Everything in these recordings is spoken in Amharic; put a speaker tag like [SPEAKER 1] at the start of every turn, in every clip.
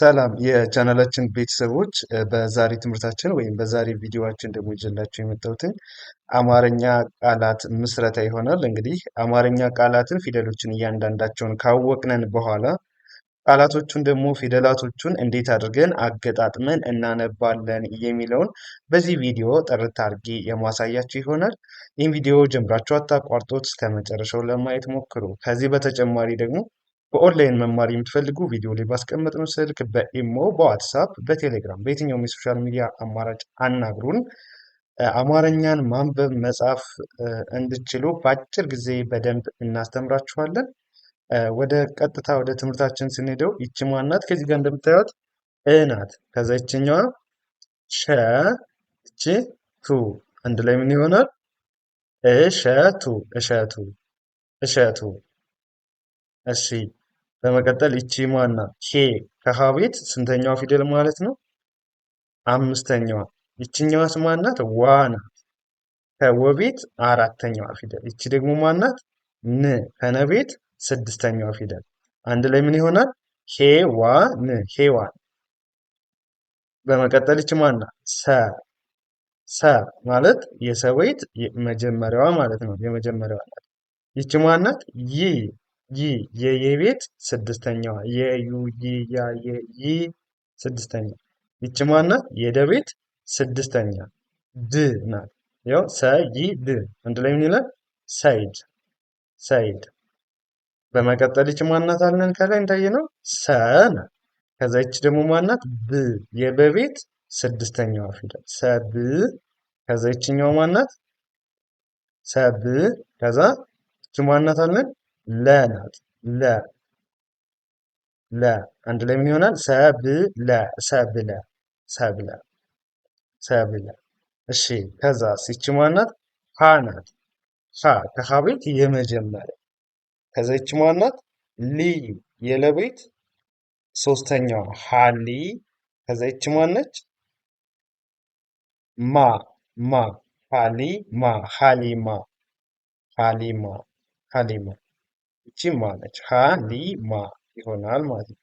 [SPEAKER 1] ሰላም የቻናላችን ቤተሰቦች በዛሬ ትምህርታችን ወይም በዛሬ ቪዲዮችን ደግሞ ይዤላችሁ የመጣሁትን አማርኛ ቃላት ምስረታ ይሆናል። እንግዲህ አማርኛ ቃላትን ፊደሎችን እያንዳንዳቸውን ካወቅነን በኋላ ቃላቶቹን ደግሞ ፊደላቶቹን እንዴት አድርገን አገጣጥመን እናነባለን የሚለውን በዚህ ቪዲዮ ጥርት አድርጌ የማሳያችሁ ይሆናል። ይህም ቪዲዮ ጀምራችሁ አታቋርጦት እስከ መጨረሻው ለማየት ሞክሩ። ከዚህ በተጨማሪ ደግሞ በኦንላይን መማር የምትፈልጉ ቪዲዮ ላይ ባስቀመጥነው ስልክ በኢሞ፣ በዋትሳፕ፣ በቴሌግራም በየትኛውም የሶሻል ሚዲያ አማራጭ አናግሩን። አማርኛን ማንበብ መጻፍ እንድችሉ በአጭር ጊዜ በደንብ እናስተምራችኋለን። ወደ ቀጥታ ወደ ትምህርታችን ስንሄደው ይቺ ማናት? ከዚህ ጋር እንደምታዩት እናት ከዛ ይችኛዋ ሸ እቺ ቱ አንድ ላይ ምን ይሆናል? እሸቱ እሸቱ እሸቱ። እሺ በመቀጠል ይቺ ማና ሄ ከሀ ቤት ስንተኛዋ ፊደል ማለት ነው? አምስተኛዋ። ይችኛዋስ ማናት? ዋ ናት። ከወ ቤት አራተኛዋ ፊደል። ይቺ ደግሞ ማናት? ን ከነ ቤት ስድስተኛዋ ፊደል። አንድ ላይ ምን ይሆናል? ሄ ዋ ን ዋ። በመቀጠል ይቺ ማና ሰ ሰ ማለት የሰ ቤት መጀመሪያዋ ማለት ነው። የመጀመሪያዋ ይቺ ማናት? ይ ይ የየ ቤት ስድስተኛዋ የዩ ይ ያ የ ይ ስድስተኛ ይች ማናት? የደ ቤት ስድስተኛ ድ ናት። ያው ሰ ይ ድ አንድ ላይ ምን ይላል? ሰይድ ሰይድ። በመቀጠል ይች ማናት አለን ከላይ እንዳየ ነው ሰ ናት። ከዛ ይች ደግሞ ማናት? ብ የበቤት ስድስተኛዋ ፊደል ሰብ። ከዛ ይችኛው ማናት? ሰብ። ከዛ ይች ማናት አለን ለ ናት ለ ለ አንድ ላይ ምን ይሆናል? ሰብለ ሰብለ ሰብለ ሰብለ። እሺ ከዛ ይቺ ማናት? ሀ ናት ሀ ከሀ ቤት የመጀመሪያ ከዛ ይቺ ማናት? ሊ የለቤት ሶስተኛዋ ሀሊ ከዛ ይቺ ማነች? ማ ማ ሀሊ ማ ሀሊማ ሀሊማ ሀሊማ ይቺ ማ ነች። ሀ ሊ ማ ይሆናል ማለት ነው።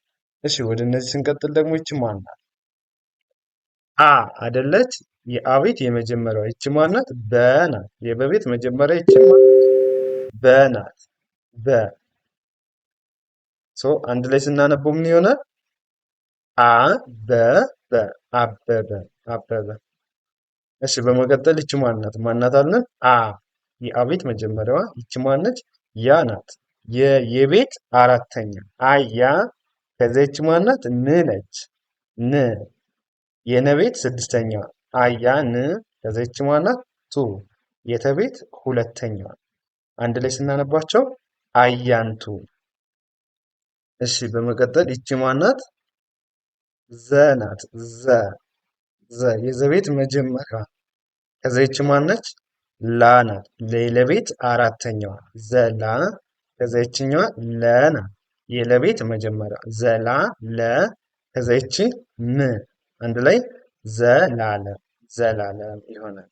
[SPEAKER 1] እሺ ወደ እነዚህ ስንቀጥል ደግሞ ይቺ ማን ናት? አ አደለች። የአቤት የመጀመሪያዋ ይቺ ማን ናት? ናት። የበቤት መጀመሪያ ይቺ ናት። በ ሶ አንድ ላይ ስናነበው ምን ይሆናል? አ በ በ አበበ አበበ። እሺ በመቀጠል ይቺ ማን ናት? ማን ናት አለን? አ የአቤት መጀመሪያዋ ይቺ ማን ነች? ያ ናት። የየቤት አራተኛ አያ ከዚች ማናት ን ነች ን የነቤት ስድስተኛ አያ ን ከዚች ማናት ቱ የተቤት ሁለተኛ አንድ ላይ ስናነባቸው አያንቱ። እሺ በመቀጠል ይቺ ማናት ዘ ናት ዘ ዘ የዘቤት መጀመሪያ ከዚች ማነች ላ ናት ለቤት አራተኛዋ ዘላ ከዛ ይችኛዋ ለና የለቤት መጀመሪያ ዘላ ለ ከዛ ይቺ ም አንድ ላይ ዘላለ ዘላለም ይሆናል።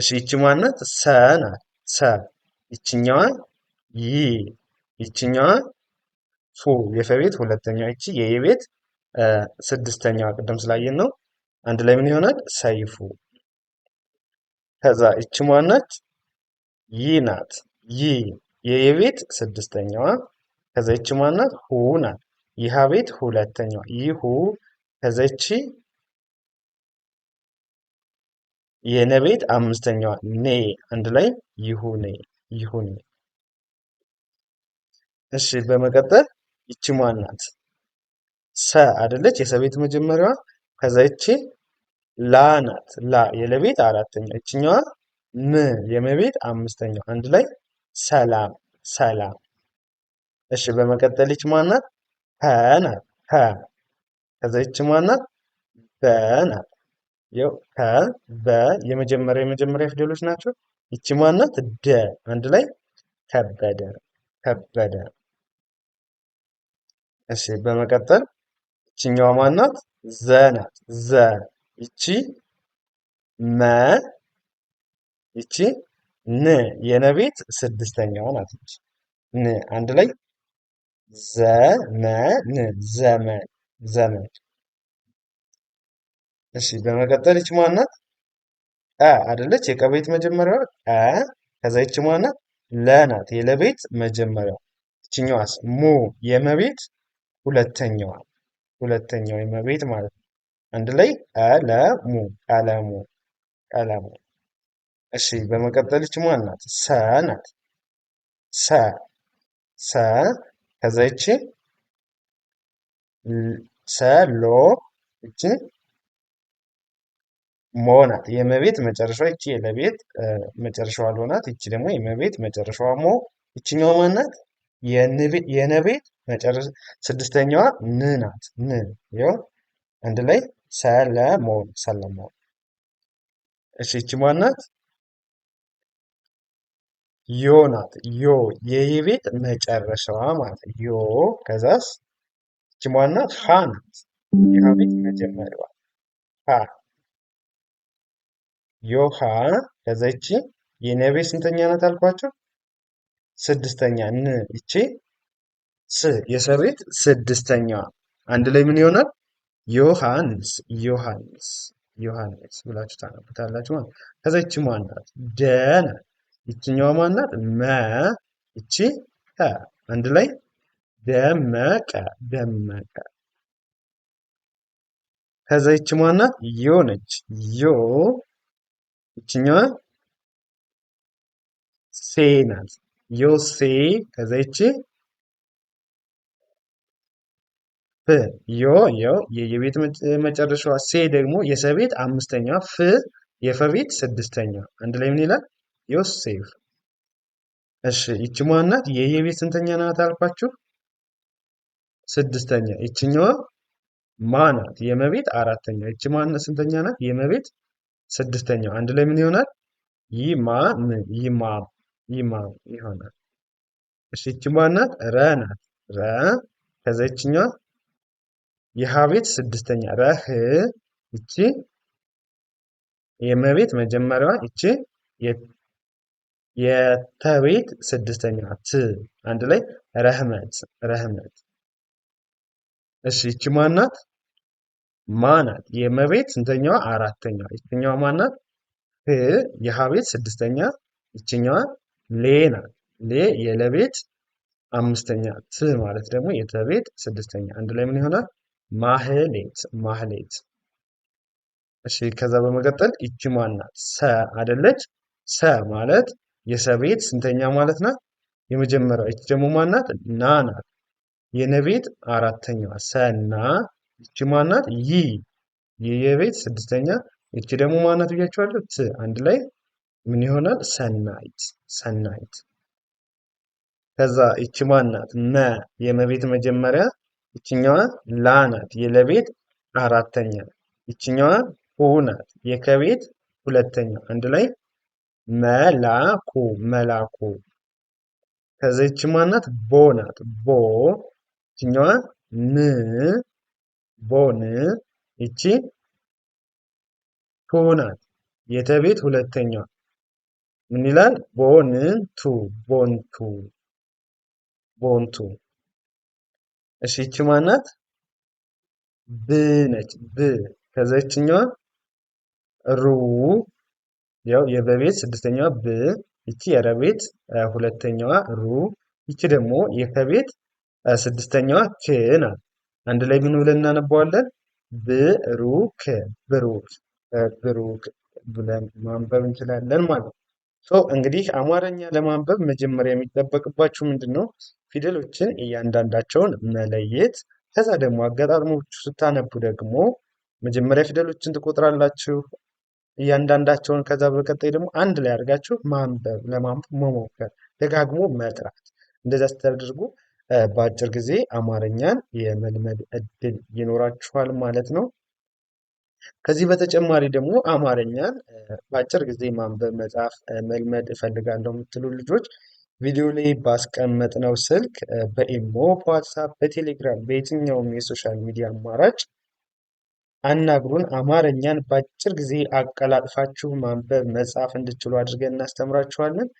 [SPEAKER 1] እሺ ይቺ ማነት ሰ ናት። ሰ ይችኛዋ ይ ይችኛዋ ፉ የፈቤት ሁለተኛ ይቺ የየቤት ስድስተኛዋ ቅድም ስላየን ነው። አንድ ላይ ምን ይሆናል? ሰይፉ። ከዛ ይቺ ማነት ይ ናት። ይ የየቤት ስድስተኛዋ ከዘች ማናት ሁ ናት። ይህ ቤት ሁለተኛዋ ይሁ ከዘች የነቤት አምስተኛዋ ኔ አንድ ላይ ይሁኔ ይሁኔ። እሺ በመቀጠል ይቺ ማናት ሰ አደለች የሰቤት መጀመሪያዋ ከዘች ላ ናት ላ የለቤት አራተኛ እችኛዋ ም የመቤት አምስተኛዋ አንድ ላይ ሰላም ሰላም። እሺ በመቀጠል ይች ማናት? ሀ ናት። ሀ ከዛ ይች ማናት? በ ናት። ይኸው ሀ በ የመጀመሪያ የመጀመሪያ ፊደሎች ናቸው። ይች ማናት? ደ አንድ ላይ ከበደ ከበደ። እሺ በመቀጠል ይችኛዋ ማናት? ዘ ናት። ዘ ይቺ መ ይቺ ን የነቤት ስድስተኛዋ ናት። ን አንድ ላይ ዘመን ዘመን ዘመን። እሺ በመቀጠል ይች ማናት? ቀ አደለች? የቀቤት መጀመሪያዋ ቀ። ከዛ ይች ማናት? ለናት የለቤት መጀመሪያው። ይችኛዋስ? ሙ የመቤት ሁለተኛዋ ሁለተኛው የመቤት ማለት ነው። አንድ ላይ ቀለሙ ቀለሙ ቀለሙ እሺ በመቀጠልች ማን ናት? ሰ ናት። ሰ ሰ ከዛች ሰ ሎ እቺ ሞ ናት። የመቤት መጨረሻ እቺ የለቤት መጨረሻዋ ሎ ናት። እቺ ደግሞ የመቤት መጨረሻዋ ሞ። እችኛው ማን ናት? የነቤት መጨረሻ ስድስተኛዋ ን ናት። ን ይኸው አንድ ላይ ሰለሞን ሰለሞን። እሺ እቺ ማን ናት? ዮ ናት። ዮ የቤት መጨረሻዋ ማለት ዮ ከዛስ ጅማናት ሀ ናት። የቤት መጀመሪያዋ ሃ ዮ ሃ ከዛ ይቺ የነቤት ስንተኛ ናት አልኳቸው? ስድስተኛ ን ይቺ ስ የሰቤት ስድስተኛዋ አንድ ላይ ምን ይሆናል? ዮሐንስ ዮሐንስ ዮሐንስ ብላችሁ ታነቡታላችሁ ማለት ከዛ ይቺ ማን ደ ናት ይችኛዋ ማናት? መ እቺ ከ አንድ ላይ ደመቀ ደመቀ። ከዛ ይቺ ማናት? ዮ ነች። ዮ ይችኛዋ ሴ ናት። ሴ። ከዛ ይቺ ፍ ዮ ዮ የቤት መጨረሻዋ ሴ ደግሞ የሰቤት አምስተኛ ፍ የፈቤት ስድስተኛ አንድ ላይ ምን ይላል? ዮሴፍ። እሺ ይቺ ማናት? የየቤት ስንተኛ ናት አልኳችሁ? ስድስተኛ። ይችኛዋ ማናት? የመቤት አራተኛ። ይቺ ማናት? ስንተኛ ናት? የመቤት ስድስተኛ። አንድ ላይ ምን ይሆናል? ይማም ይማም ይማም ይሆናል። እሺ ይቺ ማናት? ረ ናት። ረ ከዛ ይችኛዋ የሀ ስድስተኛ ረህ ይቺ የመቤት መጀመሪያዋ ይቺ የተቤት ስድስተኛዋ ት አንድ ላይ ረህመት ረህመት። እሺ ይቺ ማናት? ማናት የመቤት ስንተኛዋ? አራተኛ ይችኛዋ ማናት? ህ የሀቤት ስድስተኛ ይችኛዋ ሌ ናት። ሌ የለቤት አምስተኛ ት ማለት ደግሞ የተቤት ስድስተኛ አንድ ላይ ምን ይሆናል? ማህሌት ማህሌት። እሺ ከዛ በመቀጠል ይቺ ማናት? ሰ አይደለች? ሰ ማለት የሰቤት ስንተኛ ማለት ናት? የመጀመሪያ ይች ደግሞ ማናት? ና ናት። የነቤት አራተኛ ሰና። ይች ማናት? ይ የየቤት ስድስተኛ። ይች ደግሞ ማናት ብያቸዋለሁ? ት አንድ ላይ ምን ይሆናል? ሰናይት ሰናይት። ከዛ ይች ማናት? መ የመቤት መጀመሪያ። ይችኛዋ ላ ናት። የለቤት አራተኛ። ይችኛዋ ሁ ናት። የከቤት ሁለተኛ። አንድ ላይ መላኩ መላኩ ከዚች ማናት ቦ ናት ቦ ይችኛዋ ን ቦን ይቺ ቱ ናት የተቤት ሁለተኛዋ ምን ይላል ቦን ቱ ቦንቱ ቦንቱ እሺ ይቺ ማናት ብ ነች ብ ከዚችኛዋ ሩ ያው የበቤት ስድስተኛዋ ብ ይቺ የረቤት ሁለተኛዋ ሩ ይቺ ደግሞ የከቤት ስድስተኛዋ ክ ናት። አንድ ላይ ምን ብለን እናነባዋለን? ብሩክ ብሩክ ብሩክ ብለን ማንበብ እንችላለን ማለት ነው። ሶ እንግዲህ አማርኛ ለማንበብ መጀመሪያ የሚጠበቅባችሁ ምንድን ነው? ፊደሎችን እያንዳንዳቸውን መለየት። ከዛ ደግሞ አገጣጥሞቹ ስታነቡ ደግሞ መጀመሪያ ፊደሎችን ትቆጥራላችሁ። እያንዳንዳቸውን ከዛ በቀጣይ ደግሞ አንድ ላይ አድርጋችሁ ማንበብ ለማንበብ መሞከር ደጋግሞ መጥራት እንደዛ ስታደርጉ በአጭር ጊዜ አማርኛን የመልመድ እድል ይኖራችኋል ማለት ነው። ከዚህ በተጨማሪ ደግሞ አማርኛን በአጭር ጊዜ ማንበብ፣ መጻፍ፣ መልመድ እፈልጋለሁ የምትሉ ልጆች ቪዲዮ ላይ ባስቀመጥነው ስልክ በኢሞ፣ በዋትሳፕ፣ በቴሌግራም በየትኛውም የሶሻል ሚዲያ አማራጭ አናግሩን። አማርኛን በአጭር ጊዜ አቀላጥፋችሁ ማንበብ መጻፍ እንድችሉ አድርገን እናስተምራችኋለን።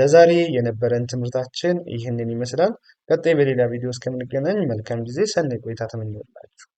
[SPEAKER 1] ለዛሬ የነበረን ትምህርታችን ይህንን ይመስላል። ቀጣይ በሌላ ቪዲዮ እስከምንገናኝ መልካም ጊዜ፣ ሰናይ ቆይታ ተመኘሁላችሁ።